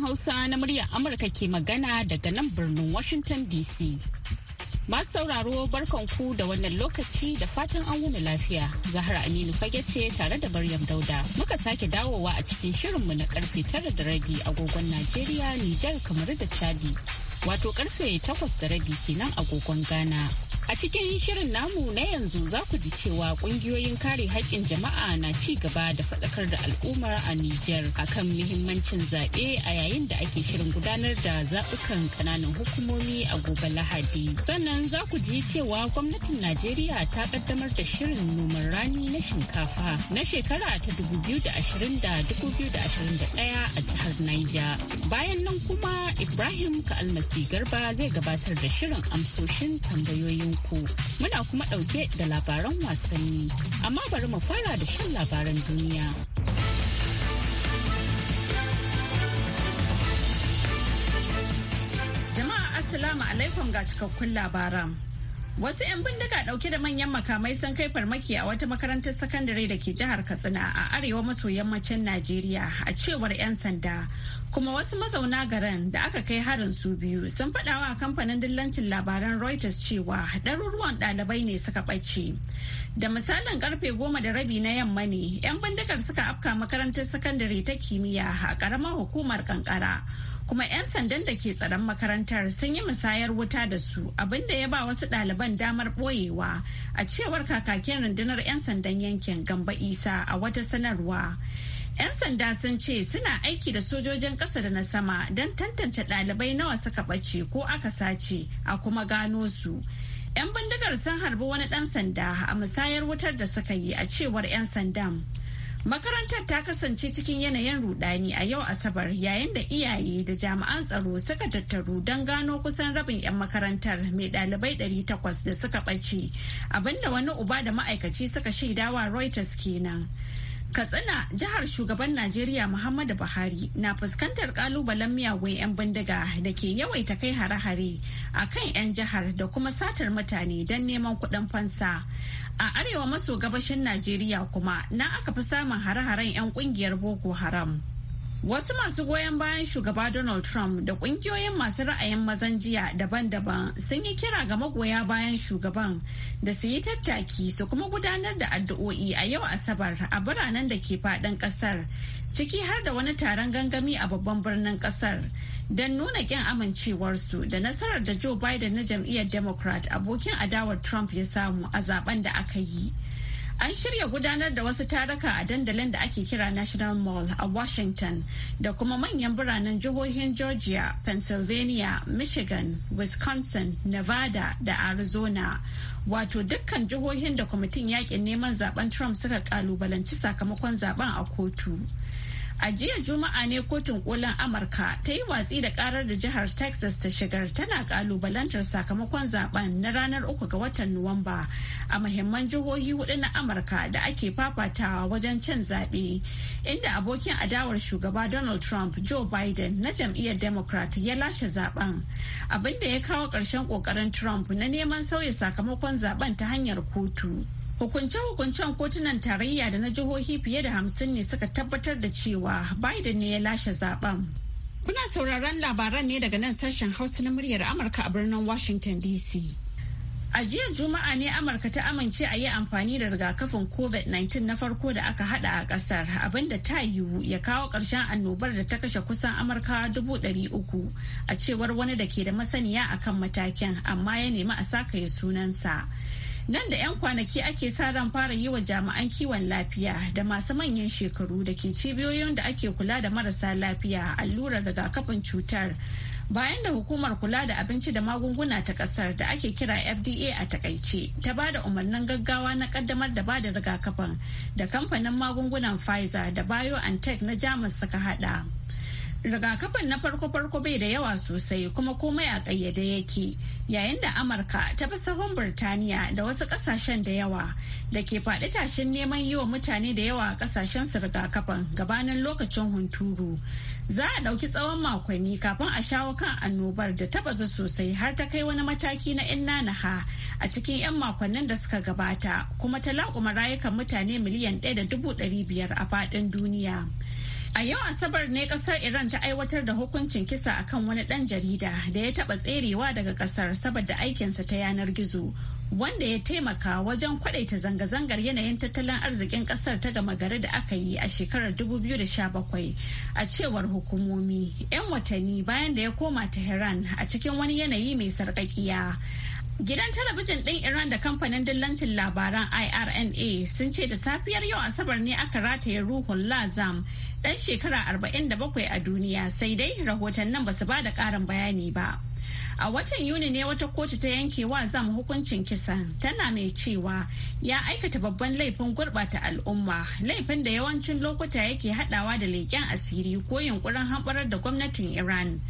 Hausa na muryar Amurka ke magana daga nan birnin Washington DC. Masu sauraro barkanku da wannan lokaci da fatan an wuni lafiya. Zahra Aminu fage ce tare da Maryam Dauda. Muka sake dawowa a cikin shirinmu na karfe tara da rabi agogon Najeriya, Nijar, kamar da Chadi. wato karfe takwas da rabi kenan agogon Ghana. A cikin shirin namu na yanzu za ku ji cewa kungiyoyin kare haƙƙin jama'a na ci gaba da faɗakar da al'ummar a Nijar akan muhimmancin zaɓe a yayin da ake shirin gudanar da zaɓukan ƙananan hukumomi a gobe Lahadi. Sannan za ku ji cewa gwamnatin Najeriya ta ƙaddamar da shirin noman rani na shinkafa na shekara ta 2020 da 2021 a jihar Niger. Bayan nan kuma Ibrahim ka almasi Garba zai gabatar da shirin amsoshin tambayoyinku. Muna kuma ɗauke da labaran wasanni, amma bari mu fara da shan labaran duniya. Jama'a Assalamu alaikum ga cikakkun labaran. Wasu 'yan bindiga ɗauke da manyan makamai sun kai farmaki a wata makarantar sakandare da ke jihar Katsina a arewa maso yammacin Najeriya a cewar 'yan sanda. Kuma wasu mazauna garin da aka kai harin su biyu sun faɗawa a kamfanin dillancin labaran Reuters cewa ɗaruruwan ɗalibai ne suka ɓace. Da misalin karfe goma da rabi na yamma ne, 'yan bindigar suka afka makarantar sakandare ta kimiyya a ƙaramar hukumar kankara. kuma 'yan sandan da ke tsaron makarantar sun yi musayar wuta da su abinda ya ba wasu ɗaliban damar ɓoyewa a cewar kakakin rundunar 'yan sandan yankin gamba isa a wata sanarwa 'yan sanda sun ce suna aiki da sojojin ƙasa da na sama don tantance ɗalibai nawa suka ɓace ko aka sace a kuma gano su 'yan bindigar sun harbi wani ɗan sanda a musayar wutar da suka yi a cewar 'yan sandan. Makarantar ta kasance cikin yanayin rudani a yau Asabar yayin da iyaye da jami'an tsaro suka tattaru don gano kusan rabin 'yan makarantar mai ɗalibai 800 da suka ɓace abinda wani uba da ma'aikaci suka shaidawa Reuters kenan. katsina jihar shugaban najeriya muhammadu buhari na fuskantar kalubalen miyagun 'yan bindiga da ke yawaita kai hare-hare a kan 'yan jihar da kuma satar mutane don neman kuɗin fansa A arewa maso gabashin Najeriya kuma na aka fi samun hare-haren 'yan kungiyar Boko Haram. Wasu masu goyon bayan shugaba Donald Trump da kungiyoyin masu ra'ayin mazan jiya daban-daban sun yi kira ga magoya bayan shugaban da su yi tattaki su kuma gudanar da addu'o'i a yau Asabar a biranen da ke faɗin ƙasar, ciki har da wani taron gangami a babban birnin ƙasar. don nuna ƙin amincewarsu da nasarar da Joe Biden na jam'iyyar Democrat abokin adawar Trump ya samu a zaben da aka yi. An shirya gudanar da wasu taruka a dandalin da ake kira National Mall a Washington da kuma manyan biranen jihohin Georgia, Pennsylvania, Michigan, Wisconsin, Nevada da Arizona. Wato dukkan jihohin da kwamitin yakin neman zaben Trump suka kalubalanci sakamakon zaben a kotu. A jiya Juma'a ne kotun kolin Amurka ta yi watsi da karar da jihar Texas ta shigar tana kalubalantar sakamakon zaben na ranar uku ga watan Nuwamba a mahimman jihohi hudu na Amurka da ake fafatawa wajen cin zaɓe. Inda abokin adawar shugaba Donald Trump Joe Biden na jam'iyyar Democrat ya lashe zaben. abinda ya kawo ƙarshen ƙoƙarin Trump na neman sauya sakamakon zaben ta hanyar kotu. Hukunce-hukuncen kotunan tarayya da na jihohi fiye da hamsin ne suka tabbatar da cewa Biden ne ya lashe zaben. Kuna sauraron labaran ne daga nan sashen Hausa na muryar Amurka a birnin Washington DC. A jiya Juma'a ne Amurka ta amince a yi amfani da rigakafin COVID-19 na farko da aka hada a kasar abinda ta yiwu ya kawo ƙarshen annobar da ta kashe kusan ɗari uku a cewar wani da ke da masaniya akan matakin amma ya nemi a sakaye sunansa. Nan da 'yan kwanaki ake sa ran fara yi wa jami'an kiwon lafiya da masu manyan shekaru da ke cibiyoyin da ake kula da marasa lafiya allurar rigakafin cutar. Bayan da hukumar kula da abinci da magunguna ta kasar da ake kira FDA a takaice ta ba da umarnin gaggawa na kaddamar da ba da rigakafin da kamfanin magungunan Pfizer da BioNTech na Jamus suka hada. rigakafin na farko-farko bai da yawa sosai kuma komai a ƙayyade yake yayin da amurka ta fi sahun birtaniya da wasu ƙasashen da yawa da ke faɗi tashin neman yi wa mutane da yawa a ƙasashen su rigakafin gabanin lokacin hunturu za a ɗauki tsawon makonni kafin a shawo kan annobar da ta bazu sosai har ta kai wani mataki na inna nanaha a cikin 'yan makonnin da suka gabata kuma ta laƙuma rayukan mutane miliyan ɗaya da dubu ɗari biyar a faɗin duniya. A yau Asabar ne kasar Iran ta aiwatar da hukuncin kisa akan wani ɗan jarida da ya taɓa tserewa daga kasar saboda aikinsa ta yanar gizo. Wanda ya taimaka wajen kwadaita zanga-zangar yanayin tattalin arzikin ƙasar ta gama gari da aka yi a shekarar 2017 a cewar hukumomi 'yan watanni bayan da ya koma Tehran a cikin wani yanayi mai sarƙaƙiya. Gidan talabijin ɗin Iran da kamfanin dillancin labaran IRNA sun ce da safiyar yau Asabar ne aka rataye ruhun Lazam ɗan shekara 47 a duniya sai dai rahoton nan ba su da ƙarin bayani ba. A watan Yuni ne wata kotu ta yanke wa zam hukuncin kisa tana mai cewa ya aikata babban laifin gurɓata al'umma laifin da yawancin lokuta yake haɗawa da leƙen asiri ko yunkurin hamɓarar da gwamnatin Iran.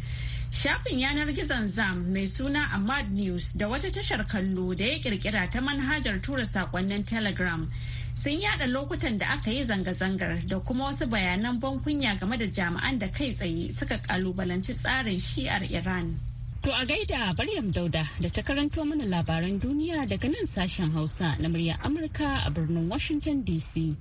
Shafin yanar gizon zam mai suna Ahmad News da wata tashar kallo da ya ƙirƙira ta manhajar tura saƙonnin Telegram sun yada lokutan da aka yi zanga-zangar da kuma wasu bayanan bankunya game da jami'an da kai tsaye suka kalubalanci tsarin shi'ar iran to a gaida maryam dauda da ta karanto mana labaran duniya daga nan sashen hausa na muryar amurka a birnin washington dc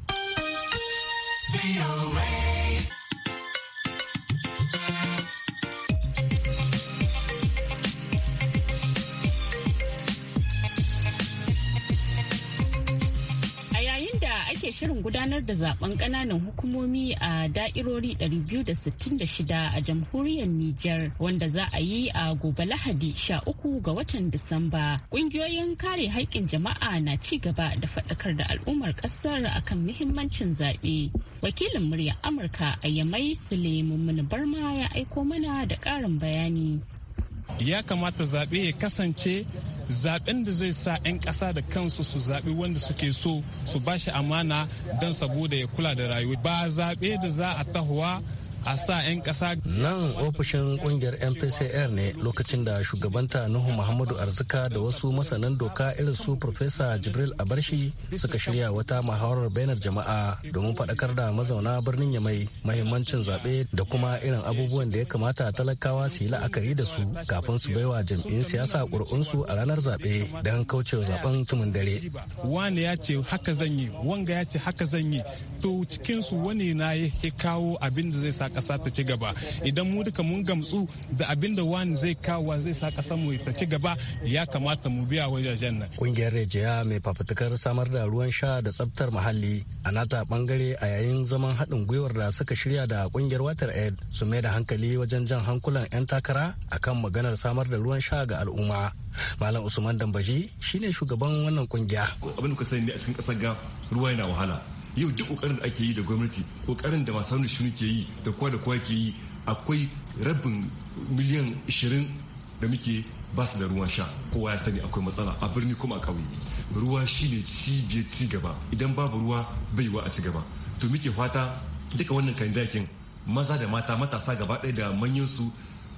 ake shirin gudanar da zaben kananan hukumomi a da'irori 266 a jamhuriyar Nijar wanda za a yi a gobe Lahadi 13 ga watan Disamba. Kungiyoyin kare haƙƙin jama'a na ci gaba da faɗakar da al'ummar ƙasar akan muhimmancin zaɓe. Wakilin muryar Amurka a Yamai Suleiman Barma ya aiko mana da ƙarin bayani. Ya kamata zaɓe ya kasance zaben da zai sa 'yan ƙasa da kansu su zaɓi wanda suke so su ba shi amana don saboda ya kula da rayuwa ba zaɓe da za a tahowa a sa 'yan ƙasa. Nan ofishin kungiyar MPCR ne lokacin da shugabanta Nuhu Muhammadu Arzika da wasu masanan doka irin su Profesa Jibril Abarshi suka shirya wata muhawarar bainar jama'a domin faɗakar da mazauna birnin Yamai mahimmancin zaɓe da kuma irin abubuwan da ya kamata talakawa su yi la'akari da su kafin su baiwa jam'in siyasa ƙuri'unsu a ranar zaɓe don kaucewa zaben tumin dare. Wani ya ce haka zan yi, wanga ya ce haka zan yi, to cikinsu wani na ya kawo abin da zai sa kasa ta ci gaba idan mu duka mun gamsu da abin da wani zai kawo zai sa kasar mu ta ci gaba ya kamata mu biya wajajen nan kungiyar rejiya mai fafutukar samar da ruwan sha da tsabtar muhalli a nata bangare a yayin zaman haɗin gwiwar da suka shirya da kungiyar water aid su mai da hankali wajen jan hankulan 'yan takara akan maganar samar da ruwan sha ga al'umma malam usman dambaji shine shugaban wannan kungiya abin da kuka sani a cikin kasar ga ruwa yana wahala yau duk kokarin da ake yi da gwamnati kokarin da masu hannun shirin ke yi da kowa da kowa ke yi akwai rabin miliyan 20 da muke ba su da ruwan sha kowa ya sani akwai matsala a birni kuma a ƙauye ruwa shine cibiyar ci gaba idan babu ruwa bai wa a ci gaba to muke fata duka wannan kandidakin maza da mata matasa gaba ɗaya da manyansu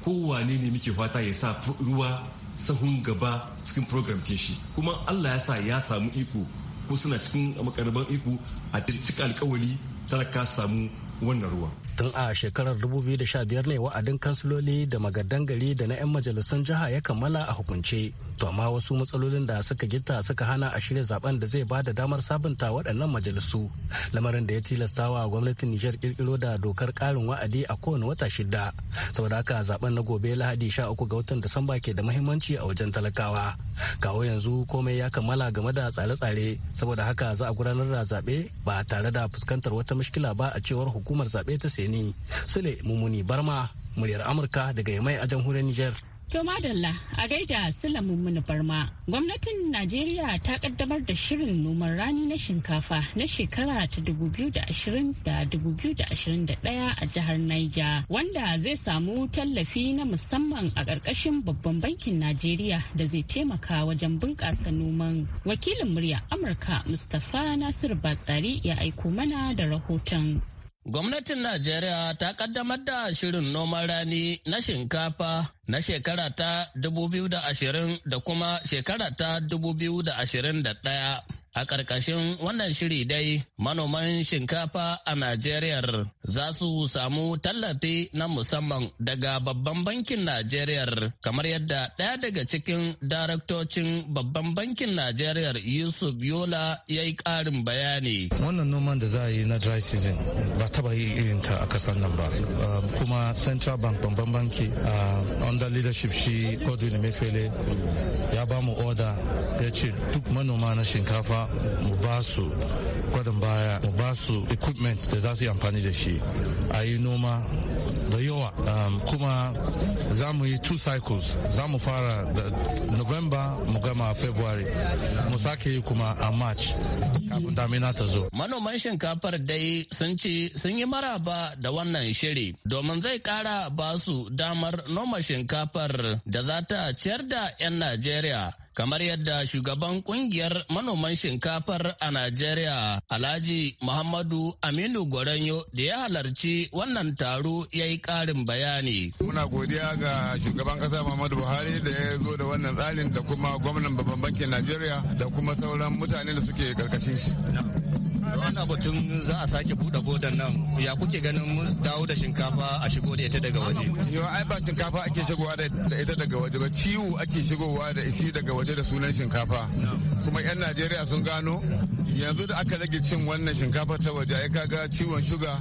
kowane ne muke fata ya sa ruwa sahun gaba cikin program shi kuma allah ya sa ya samu iko ko suna cikin makarban iko a cika alkawari talaka samu wannan ruwa. Tun a shekarar 2015 ne wa'adin kansiloli da magadan gari da na 'yan majalisun jiha ya kammala a hukunce. to amma wasu matsalolin da suka gita suka hana a shirya zaben da zai bada damar sabunta waɗannan majalisu lamarin da ya tilastawa wa gwamnatin nijar kirkiro da dokar ƙarin wa'adi a kowane wata shida saboda haka zaben na gobe lahadi sha uku ga watan disamba ke da mahimmanci a wajen talakawa kawo yanzu komai ya kammala game da tsare-tsare saboda haka za a gudanar da zaɓe ba tare da fuskantar wata mushkila ba a cewar hukumar zaɓe ta seni sule mummuni barma muryar amurka daga yamai a jamhuriyar nijar To madalla a gaida Sulamun Muni Barma. Gwamnatin Najeriya ta kaddamar da shirin noman rani na shinkafa na shekara ta 2020 da 2021 a jihar Niger wanda zai samu tallafi na musamman a ƙarƙashin babban bankin Najeriya da zai taimaka wajen bunƙasa noman. Wakilin murya Amurka Mustapha Nasiru Batsari ya aiko mana da rahoton. Gwamnatin Najeriya ta kaddamar da shirin noman rani na shinkafa na shekara ta 2020 da kuma shekara ta 2021. A ƙarƙashin wannan shiri dai manoman shinkafa a Najeriya za su samu tallafi na musamman daga babban bankin Najeriya kamar yadda ɗaya daga cikin daraktocin babban bankin Najeriya Yusuf Yola ya yi ƙarin bayani. Wannan noman da za a yi na dry season ba taba yi irin ta a ƙasar nan ba. Um, kuma Central Bank babban banki um, under leadership shi Godwin Mefele ya ba mu order ya ce duk manoma na shinkafa mu ba su kwadon baya mu ba su equipment da za su yi amfani da shi a yi noma da yawa um, kuma za mu yi two cycles za mu fara da november mu gama february mu sake yi kuma a march kafin damina ta zo manoman shinkafar dai sun ce sun yi maraba da wannan shiri domin zai kara ba su damar noma shinkafar da za ta ciyar da 'yan najeriya kamar yadda shugaban kungiyar manoman shinkafar a Najeriya Alhaji Muhammadu Aminu Gwaranyo da ya halarci wannan taro ya yi ƙarin bayani. Muna godiya ga shugaban ƙasa Muhammadu Buhari da ya zo da wannan tsarin da kuma gwamnan babban bankin Najeriya da kuma sauran mutane da suke ƙarƙashin shi. wannan abutun za a sake buɗe bodan nan ya kuke ganin dawo da shinkafa a shigo da ita daga waje yau ai ba shinkafa ake shigowa da ita daga waje ba ciwo ake shigowa da isi daga waje da sunan shinkafa kuma yan najeriya sun gano yanzu da aka rage cin wannan shinkafa ta waje ai kaga ciwon shuga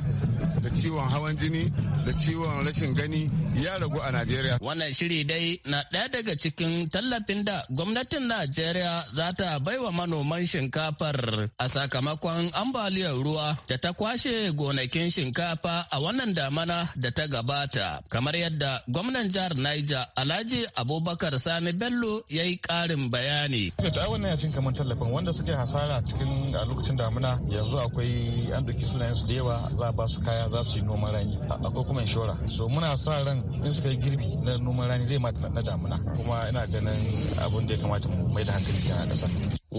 da ciwon hawan jini da ciwon rashin gani ya ragu a Najeriya. Wannan shiri dai na ɗaya daga cikin tallafin da gwamnatin Najeriya za ta baiwa manoman shinkafar a sakamakon ambaliyar ruwa da ta kwashe gonakin shinkafa a wannan damana da ta gabata. Kamar yadda gwamnan jihar Niger Alhaji Abubakar Sani Bello ya yi ƙarin bayani. Ta wannan yacin kamar tallafin wanda suke hasara cikin a lokacin damuna yanzu akwai an sunayen su da yawa za a ba su kaya za su yi noman rani akwai kuma inshora. So muna sa ran in suka girbi na noman rani zai mata na damuna kuma ina ganin abun da ya kamata mu mai da hankali a ƙasar.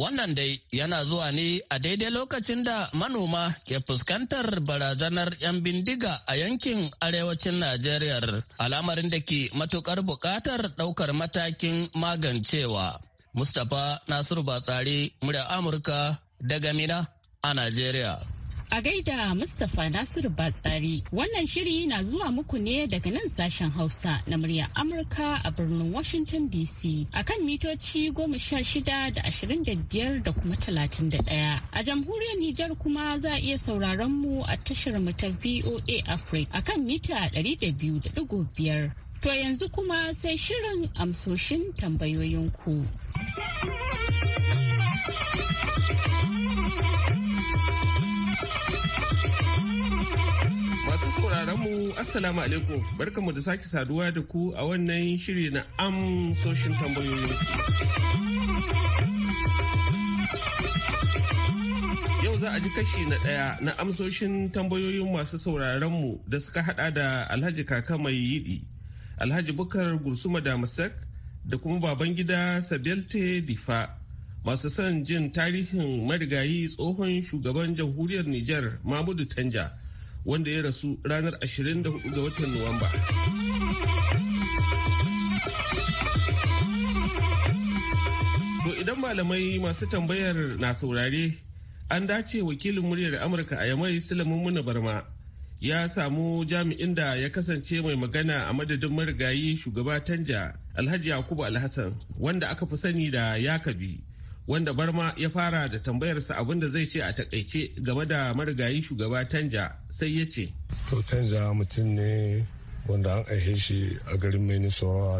Wannan dai yana zuwa ne a daidai lokacin da manoma ke fuskantar barazanar 'yan bindiga a yankin arewacin Najeriya al'amarin da ke matukar buƙatar ɗaukar matakin magancewa. Mustapha Nasiru Batsari, murya Amurka daga Mina a Najeriya. A gaida Mustapha Nasiru Batsari wannan shiri na zuwa muku ne daga nan sashen Hausa na murya Amurka a birnin Washington DC akan mitoci goma sha shida da ashirin da biyar da kuma talatin da ɗaya. A jamhuriyar Nijar kuma za a iya sauraron mu a tashar mu ta VOA Africa akan mita ɗari da biyu da ɗigo biyar. To yanzu kuma sai shirin amsoshin tambayoyinku. ku. Masu sauraron mu Assalamu alaikum mu da sake saduwa da ku a wannan shiri na amsoshin tambayoyi. Yau za a ji kashi na ɗaya na amsoshin tambayoyin masu sauraron mu da suka hada da Alhaji Kaka mai Yidi Alhaji Bukar Gursuma da da kuma baban gida Sabelte Difa. Masu son jin tarihin marigayi tsohon shugaban jamhuriyar Nijar mamudu Tanja. wanda ya rasu ranar 24 ga watan Nuwamba. To idan malamai masu tambayar na saurare an dace wakilin muryar Amurka a yamai Sulaimu Muna Barma ya samu jami'in da ya kasance mai magana a madadin marigayi shugaba Tanja Alhaji Yakubu Alhassan wanda aka fi sani da Yakabi. wanda barma ya fara da tambayarsa abin da zai ce a takaice game da marigayi shugaba tanja sai ya ce to tanja mutum ne wanda an aihe shi a garin mai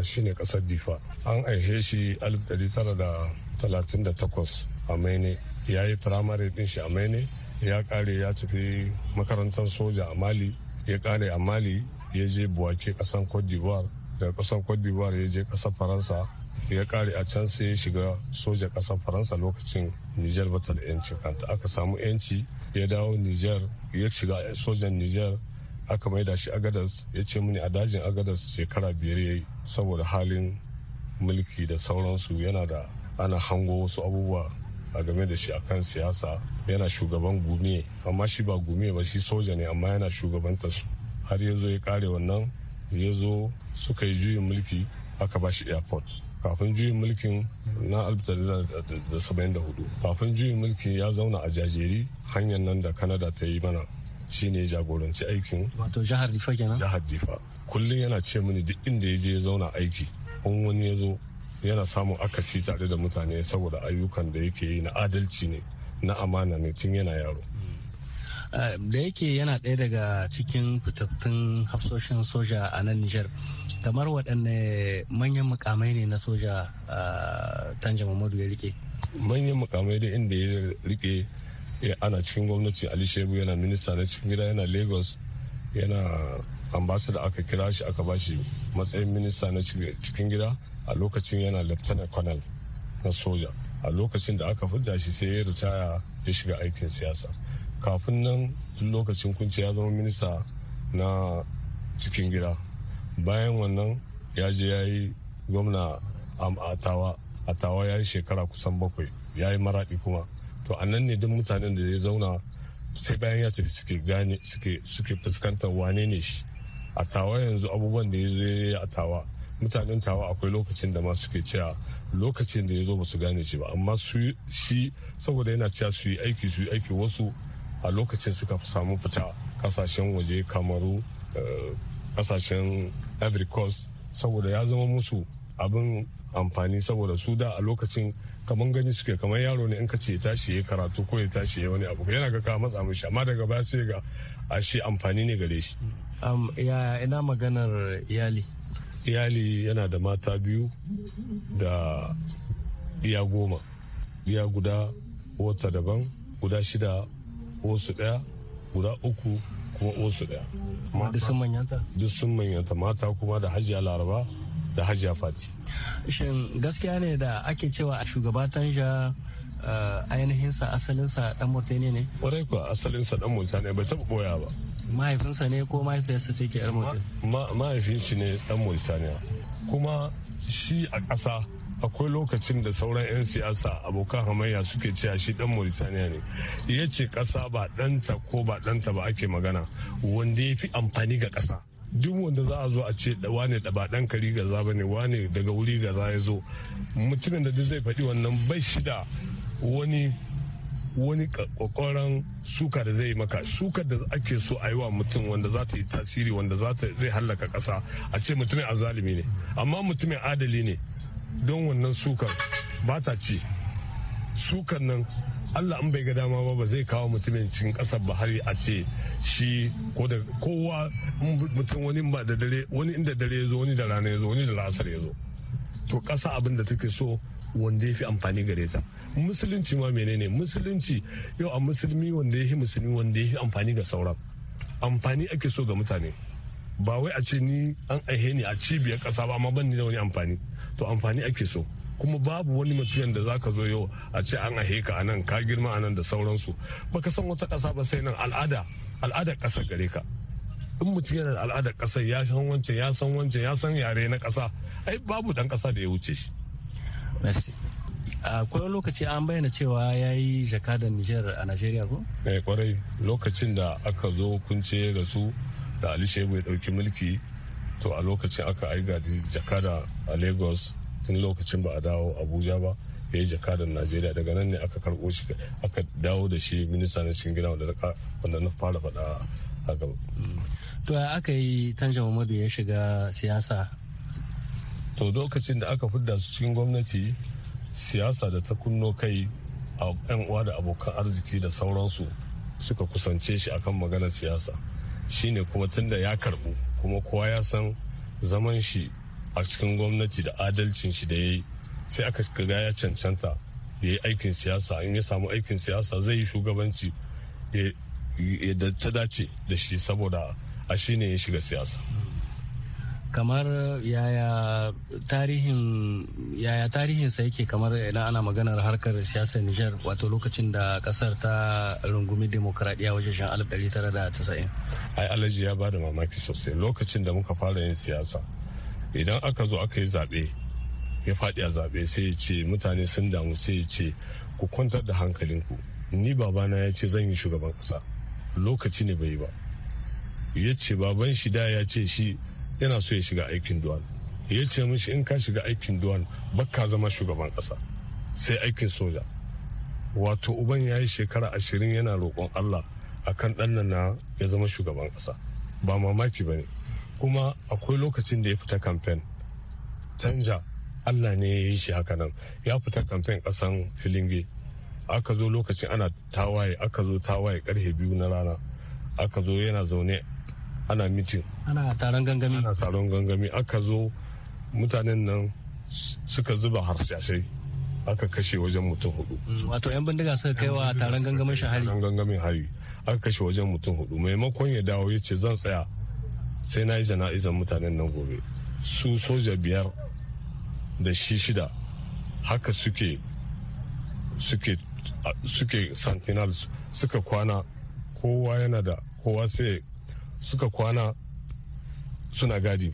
shine kasar difa an aihe shi 1938 a maine ya yi firamare din shi a maine ya kare ya tafi makarantar soja a mali ya kare a mali ya je buwake kasan cote d'ivoire daga kasan cote d'ivoire ya je kasar faransa ya kare a can sai ya shiga soja ƙasar faransa lokacin niger bata da yanci kanta aka samu yanci ya dawo niger ya shiga sojan niger aka maida shi agadas ya ce mini a dajin agadas shekara biyar ya yi saboda halin mulki da sauransu yana da ana hango wasu abubuwa a game da shi a kan siyasa yana shugaban gume amma shi ba gume ba shi soja ne amma yana shugabanta su har ya zo ya kare wannan ya zo suka yi juyin mulki aka ba shi airport kafin juyin mulkin na 1974 kafin juyin mulki ya zauna a jajeri hanyar nan da kanada ta yi mana shi ne jagoranci aikin wato jihar difa kullum yana ce mini duk inda ya je zauna aiki kun wani ya zo yana samun akasi tare da mutane saboda ayyukan da yake yi na adalci ne na amana ne tun yana yaro eh, da yake yana ɗaya daga cikin fitattun hafsoshin soja a nan Nijar kamar waɗanne manyan mukamai ne na soja a tanja mamadu ya rike manyan mukamai da inda ya rike ana cikin gwamnati ali shebu yana minista na cikin gida yana lagos yana ambasada aka kira shi aka bashi matsayin minista na cikin gida a lokacin yana lieutenant colonel na soja a lokacin da aka fudda shi sai ya ritaya ya shiga aikin siyasa kafin nan tun lokacin kunci ya zama minista na cikin gida bayan wannan ya je ya yi gwamna atawa tawa a tawa ya yi shekara kusan bakwai ya yi maraɗi kuma to a nan ne duk mutanen da ya zauna sai bayan ya tafi suke gane suke fuskantar wane ne shi a tawa yanzu abubuwan da ya zo ya yi a tawa mutanen tawa akwai lokacin da ma suke cewa lokacin da ya zo ba su gane shi ba amma su shi saboda yana cewa su yi aiki su yi aiki wasu a lokacin suka samu fita kasashen waje kamaru eh, kasashen ivory coast saboda ya zama musu abin amfani saboda su da a lokacin kamar gani suke kamar yaro ne in ka ce tashi ya karatu ko ya tashi ya wani abu yana ga ka matsa mishi amma daga baya sai ga a shi amfani ne gare shi ya ina maganar iyali iyali yana da mata biyu da iya goma iya guda wata daban guda shida wasu daya guda uku kuma osu daya duk sun manyanta mata kuma da hajiya laraba da hajiya fati shin gaskiya ne da ake cewa a shugaba tanja eh, ainihinsa asalinsa dan murtani ne kwarai kuwa asalinsa dan murtani bai taba boya ba mahaifinsa ne ko mahaifiyarsa ce ke yar murtani mahaifinsa ne dan murtaniya kuma shi a ƙasa akwai lokacin da sauran 'yan siyasa abokan hamayya suke cewa shi dan mauritaniya ne ya ce ƙasa ba danta ko ba danta ba ake magana wanda ya fi amfani ga kasa duk wanda za a zo a ce wane da ba dan kari gaza ba ne wane daga wuri gaza ya zo mutumin da duk zai faɗi wannan bai shi da wani wani kokoran suka da zai maka suka da ake so a yi wa mutum wanda za ta yi tasiri wanda zai hallaka kasa a ce mutumin azalimi ne amma mutumin adali ne don wannan sukan ba ta ci sukan nan allah an bai ga dama ba ba zai kawo mutumin cikin kasar ba har a ce shi ko da kowa mutum wani ba da dare wani inda dare ya zo wani da rana ya zo wani da lasar ya zo to kasa abin da take so wanda ya fi amfani gare ta musulunci ma menene musulunci yau a musulmi wanda ya fi musulmi wanda ya fi amfani ga sauran amfani ake so ga mutane ba wai a ce ni an aihe ni a cibiyar kasa ba amma ban ni da wani amfani to amfani ake so kuma babu wani mutum da zaka zo yau a ce an ahe ka anan ka girma anan da sauransu baka san wata ƙasa ba sai nan al'ada al'adar ƙasar gare ka in mutum yana da al'adar ƙasar ya san wancan ya san wancan ya san yare na ƙasa ai babu dan ƙasa da ya wuce shi. akwai lokaci an bayyana cewa ya yi jakadan Nijar a nigeria ko? Eh kwarai lokacin da aka zo kunce da su da Ali Shehu ya ɗauki mulki to a lokacin aka gadi jakada a lagos tun lokacin ba a dawo abuja ba ya yi jakadar najeriya daga nan ne aka karbo shi aka dawo da shi minista na cikin gida wanda na fara faɗa a gaba mm. to ya aka yi tanja mamadu ya shiga siyasa to lokacin da aka fidda su cikin gwamnati siyasa da ta kunno kai a yan uwa da abokan arziki da sauransu suka kusance shi akan maganar siyasa shine kuma tunda ya karbu kuma kowa ya san zaman shi a cikin gwamnati da adalcin shi da ya yi sai aka ga ya cancanta ya yi aikin siyasa in ya samu aikin siyasa zai yi shugabanci ta dace da shi saboda a shi ne ya shiga siyasa kamar yaya tarihin yaya tarihinsa yake kamar idan ana maganar harkar siyasar Nijar wato lokacin da kasar ta rungumi demokradiyya wajen shan 1990. Ai alaji ya bada mamaki sosai lokacin da muka fara yin siyasa idan aka zo aka yi zaɓe ya faɗi a zaɓe sai ya ce mutane sun damu sai ya ce ku kwantar da hankalinku ni babana ya ce zan yi shugaban ƙasa lokaci ne bai yi ba ya ce baban shi da ya ce shi yana so ya shiga aikin duwan ya ce mishi in ka shiga aikin duwan baka zama shugaban kasa sai aikin soja wato uban ya yi shekara ashirin yana roƙon allah akan kan na ya zama shugaban ƙasa ba mamaki ba ne kuma akwai lokacin da ya fita kamfen canja allah ne ya yi shi haka nan ya fita kamfen ƙasan filinge aka zo lokacin ana tawaye aka zo tawaye karfe biyu na rana aka zo yana zaune ana mitin ana taron gangami ana taron gangami aka zo mutanen nan suka zuba harsashai aka kashe wajen mutum hudu mm, wato yan bindiga suka kai wa taron gangamin shahari taron gangamin hari aka kashe wajen mutum hudu maimakon ya dawo ya ce zan tsaya sai na yi jana'izan mutanen nan gobe su soja biyar da shi shida haka suke suke suke sentinels suka kwana kowa yana da kowa sai suka kwana suna gadi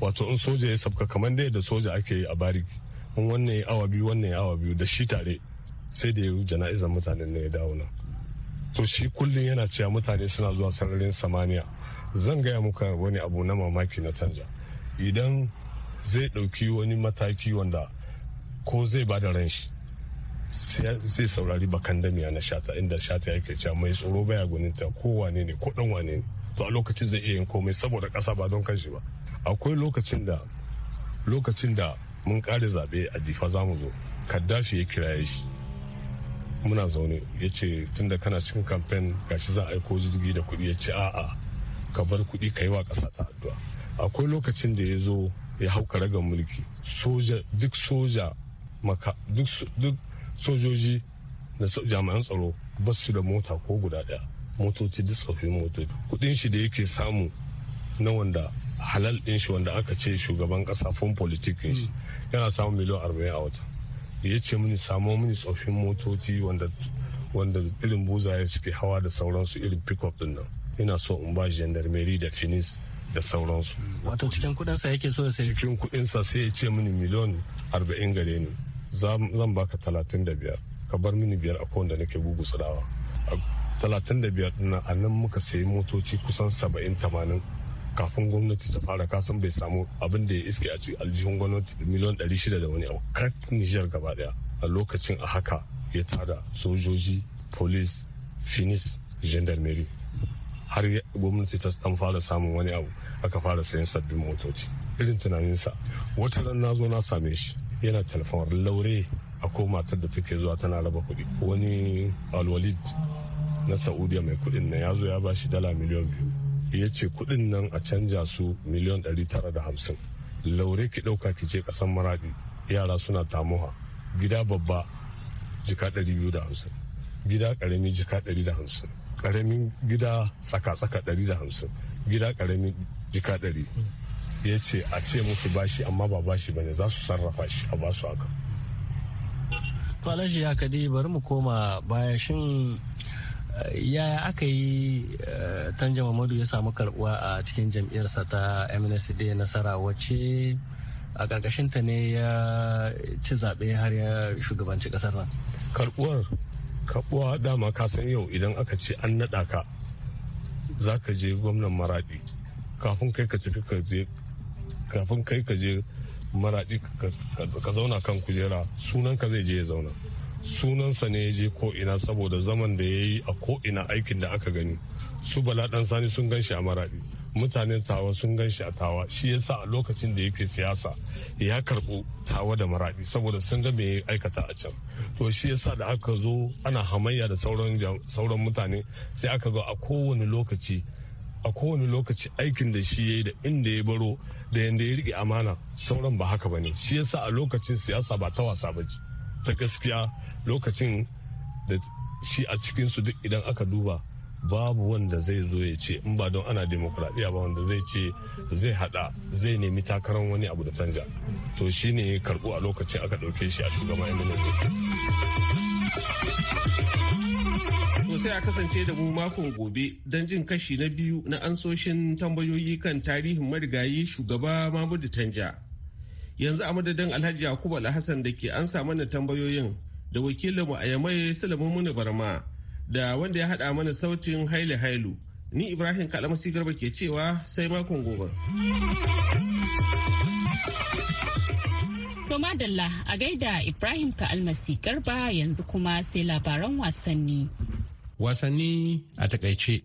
wato in soja ya sabka kamar dai da soja ake yi a bariki in wannan ya awa biyu wannan ya awa biyu da shi tare sai da ya yi jana'izar mutanen ne ya dawo na to shi kullum yana cewa mutane suna zuwa sararin samaniya zan gaya muka wani abu na mamaki na canja idan zai ɗauki wani mataki wanda ko zai ba ran shi sai saurari bakan damiya na shata inda shata yake cewa mai tsoro baya gwaninta ko wane ne ko dan wane ne to a lokacin zai iya yin komai saboda ƙasa ba don kanshi ba akwai lokacin da lokacin da mun kare zaɓe a jifa za mu zo kaddafi ya kiraye shi muna zaune ya ce tun tunda kana cikin kamfen gashi za a aiko jirgi da kuɗi ya ce a'a ka bar kuɗi ka yi wa ƙasa ta addu'a akwai lokacin da ya zo ya hau karagar mulki soja duk soja maka duk sojoji da jami'an tsaro ba su da mota ko guda ɗaya motoci duk motoci kudin shi da yake samu na wanda halal din shi wanda aka ce shugaban kasa fon politikin shi hmm. yana samun miliyan arba'in a wata ya ce mini samo mini tsoffin motoci wanda wanda irin buzaye suke hawa da sauransu irin pickup din nan ina so in ba gendarmerie da finis da sauransu hmm. wato cikin kudinsa yake so sai cikin kudinsa sai ya ce mini miliyan arba'in gare ni zan baka talatin da biyar ka bar mini biyar a kowanne nake gugu tsirawa 35 dinnan a nan muka sayi motoci kusan 70-80 kafin gwamnati ta fara kasan bai samu abin da ya iske a cikin aljihun gwamnati miliyan 600 da wani abu kan nijar gaba daya a lokacin a haka ya tada sojoji polis finis gendarmerie har gwamnati ta dan fara samun wani abu aka fara sayan sabbin motoci irin tunaninsa wata ran na zo na same shi yana telefon laure akwai matar da take zuwa tana raba kuɗi wani alwalid na saudiya mai kudin nan ya zo ya ba shi dala miliyan biyu ya ce kudin nan a canja su miliyan 950 laure ki dauka ki ce kasan maradi yara suna tamuha gida babba jika 250 gida karami jika 150 karamin gida tsaka-tsaka 150 gida karami jika 100 ya ce a ce musu bashi amma ba bashi bane za su sarrafa shi a basu haka falashi ya kadi bari mu koma baya shin yaya aka yi eh, tanja mamadu ya samu karbuwa a cikin jam'iyyarsa ta mnsd nasara wacce a ta ne ya ci zaɓe har ya shugabanci ƙasar nan karbuwar karbuwa dama ka san yau idan aka ce an naɗa ka za ka je gwamnan maraɗi kafin kai ka je kafin kai ka je maraɗi ka zauna kan kujera sunanka zai je ya zauna sunansa ne ya je ko ina saboda zaman da ya yi a ko ina aikin da aka gani su bala ɗan sani sun gan shi a maraɗi mutanen tawa sun gan a tawa shi yasa a lokacin da yake siyasa ya karɓo tawa da maraɗi saboda sun ga me aikata a can to shi yasa da aka zo ana hamayya da sauran mutane sai aka ga a kowane lokaci a kowane lokaci aikin da shi ya yi da inda ya baro da yadda ya riƙe amana sauran ba haka ba ne shi sa a lokacin siyasa ba ta wasa ba ta gaskiya lokacin da shi a cikinsu duk idan aka duba babu wanda zai zo ya ce in ba don ana demokuraɗiyya ba wanda zai ce zai hada zai nemi takarar wani abu da canja to shi ne karɓo a lokacin aka ɗauke shi a shugaban indonesia To sai a kasance da mu makon gobe don jin kashi na biyu na ansoshin tambayoyi kan tarihin marigayi shugaba Mahmudu Tanja. Yanzu a madadin Alhaji Yakubu Alhassan da ke an ansa mana tambayoyin da wakilinmu a Yamai Barma da wanda ya haɗa mana sautin Haile Hailu. Ni Ibrahim Kalamasi Garba ke cewa sai makon gobe. To madalla a gaida Ibrahim ka almasi Garba yanzu kuma sai labaran wasanni. wasanni a takaice.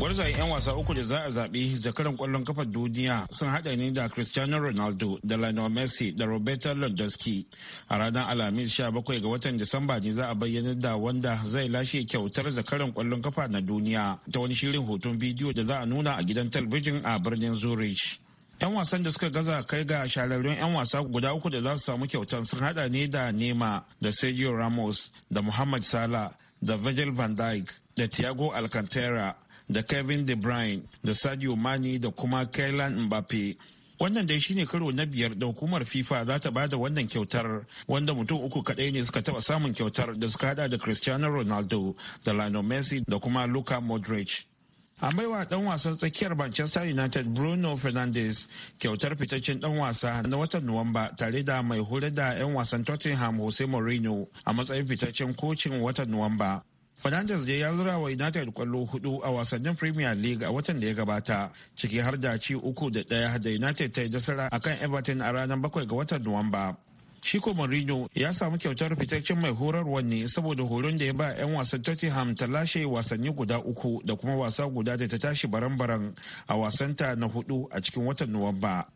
gwarzayen 'yan wasa uku da za a zaɓi zakaran ƙwallon kafar duniya sun haɗa ne da cristiano ronaldo da lionel messi da roberto lewandowski a ranar alhamis 17 ga watan disamba ne za a bayyana da wanda zai lashe kyautar zakaran ƙwallon kafa na duniya ta wani shirin hoton bidiyo da za a nuna a gidan talabijin a birnin zurich 'yan wasan da suka gaza kai ga shahararrun 'yan wasa guda uku da za su samu kyautan sun hada ne da nema da sergio ramos da muhammad salah da virgil van dijk da thiago alcantara da kevin de bruyne da sadio mani da kuma kailan mbappe wannan dai shine karo na biyar da hukumar fifa za ta bada wannan kyautar wanda mutum uku kadai ne suka taba samun kyautar da suka hada da cristiano ronaldo da lionel messi da kuma luka modric a baiwa dan wasan tsakiyar manchester united bruno fernandes kyautar fitaccen dan wasa na watan nuwamba tare da mai hulɗa da 'yan wasan tottenham jose mourinho a matsayin fitaccen kocin watan nuwamba fernandes da ya zura wa united kwallo hudu a wasannin premier league a watan da ya gabata ciki har da ci uku da daya da united ta yi nasara akan everton a ranar bakwai ga watan nuwamba Chico Mourinho ya samu kyautar fitaccen mai horarwar ne saboda horon da ya ba 'yan wasan Tottenham ta lashe wasanni guda uku da kuma wasa guda da ta tashi baran-baran a wasanta na hudu a cikin watan Nuwamba.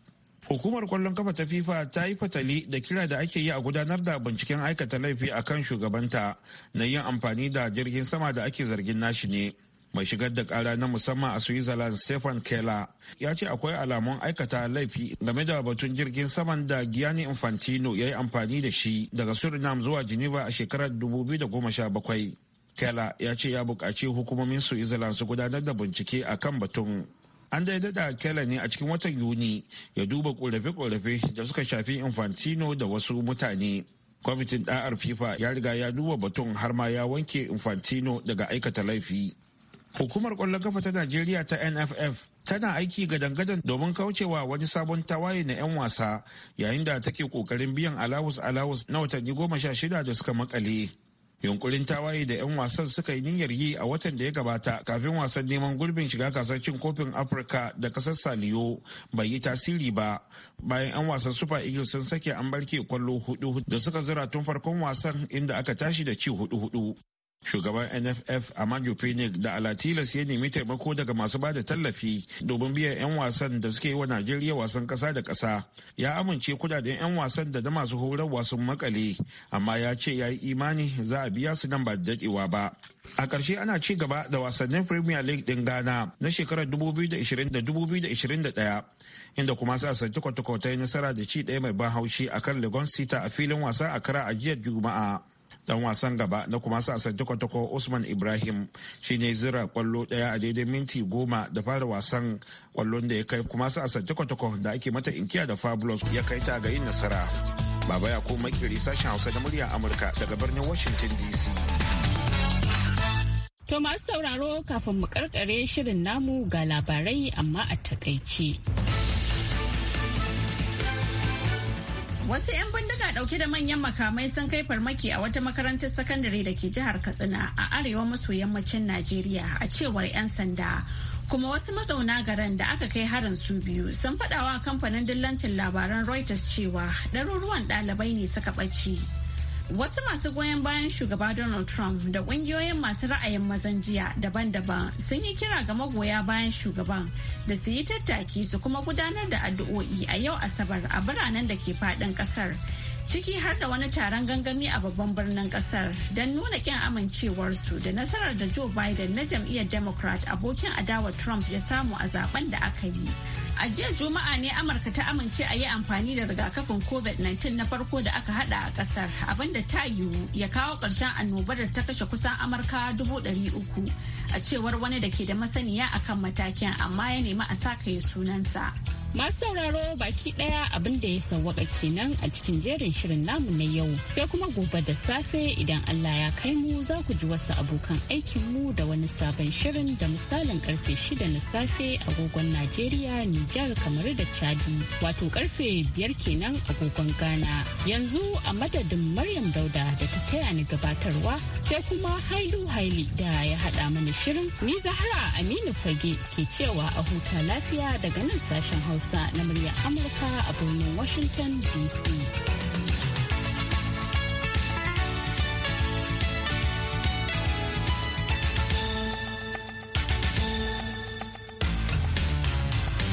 Hukumar kwallon kafa ta FIFA ta yi fatali da kira da ake yi a gudanar da binciken aikata laifi a kan shugabanta na yin amfani da jirgin sama da ake zargin nashi ne. mai shigar da kara na musamman a switzerland stefan keller ya ce akwai alamun aikata laifi game da batun jirgin saman da gianni infantino ya yi amfani da shi daga suriname zuwa geneva a shekarar 2017 keller ya ce ya buƙaci hukumomin switzerland su gudanar da bincike a kan batun an da keller ne a cikin watan yuni ya duba ƙorafe-ƙorafe da suka shafi infantino da wasu mutane kwamitin da'ar fifa ya riga ya duba batun har ma ya wanke infantino daga aikata laifi hukumar kwallon kafa ta najeriya ta nff tana aiki gadan-gadan domin kaucewa wani sabon tawaye na 'yan wasa yayin da take kokarin biyan alawus alawus na watanni goma sha shida da suka makale yunkurin tawaye da 'yan wasan suka yi niyyar yi a watan da ya gabata kafin wasan neman gurbin shiga gasar cin kofin afirka da kasar saliyo bai yi tasiri ba bayan 'yan wasan super eagles sun sake an barke kwallo hudu da suka zira tun farkon wasan inda aka tashi da ci hudu hudu shugaban nff amaju phoenix da alatilas ya nemi taimako daga masu bada tallafi domin biyan 'yan wasan da suke yi wa najeriya wasan kasa da kasa ya amince kudaden 'yan wasan da na masu horarwa sun makale amma ya ce ya yi imani za a biya su nan ba da daɗewa ba a ƙarshe ana ci gaba da wasannin premier league din ghana na shekarar 2020 2021 inda kuma sa tukwa-tukwa nasara da ci ɗaya mai ban haushi kan legon sita a filin wasa a kara a jiyar juma'a dan wasan gaba na kuma sa kwatako usman ibrahim shine zira kwallo daya a daidai minti goma da fara wasan kwallon da ya kai kuma sa kwatako da ake mata inkiya da fabulous ya kai ta ga yin nasara baba ya kuma makiri sashen hausa da murya amurka daga birnin washington dc to masu sauraro kafin mu karkare shirin namu ga labarai amma a takaice Wasu 'yan bindiga dauke da manyan makamai sun kai farmaki a wata makarantar sakandare da ke jihar Katsina a arewa maso yammacin Najeriya a cewar 'yan sanda. Kuma wasu mazauna garin da aka kai harin su biyu sun faɗawa kamfanin dillancin labaran Reuters cewa ɗaruruwan ɗalibai ne suka ɓace. Wasu masu goyon bayan shugaba Donald Trump da ƙungiyoyin masu ra'ayin mazan jiya daban-daban sun yi kira ga magoya bayan shugaban da su yi tattaki su kuma gudanar da addu'o'i a yau Asabar a biranen da ke faɗin ƙasar. ciki har da wani taron gangami a babban birnin kasar don nuna kyan amincewarsu da nasarar da joe biden na jam'iyyar democrat abokin adawa trump ya samu a zaben da aka yi a jiya juma'a ne amurka ta amince a yi amfani da rigakafin covid-19 na farko da aka hada a kasar abinda ta yiwu ya kawo ƙarshen annobar da ta kashe kusan amurka dubu uku a cewar wani da ke da masaniya akan matakin amma ya nemi a sa sunansa. Masu sauraro baki ɗaya abin da ya sawwaka kenan a cikin jerin shirin namu na yau. Sai kuma gobe da safe idan Allah ya kai mu za ku ji wasu abokan aikin mu da wani sabon shirin da misalin karfe shida na safe agogon Najeriya, Nijar, kamar da Chadi. Wato karfe biyar kenan agogon Ghana. Yanzu a madadin Maryam Dauda da ta taya ni gabatarwa sai kuma Hailu Haili da ya haɗa mana shirin. Ni Zahra Aminu Fage ke cewa a huta lafiya daga nan sashen Hausa. Hausa na Amurka a birnin Washington DC.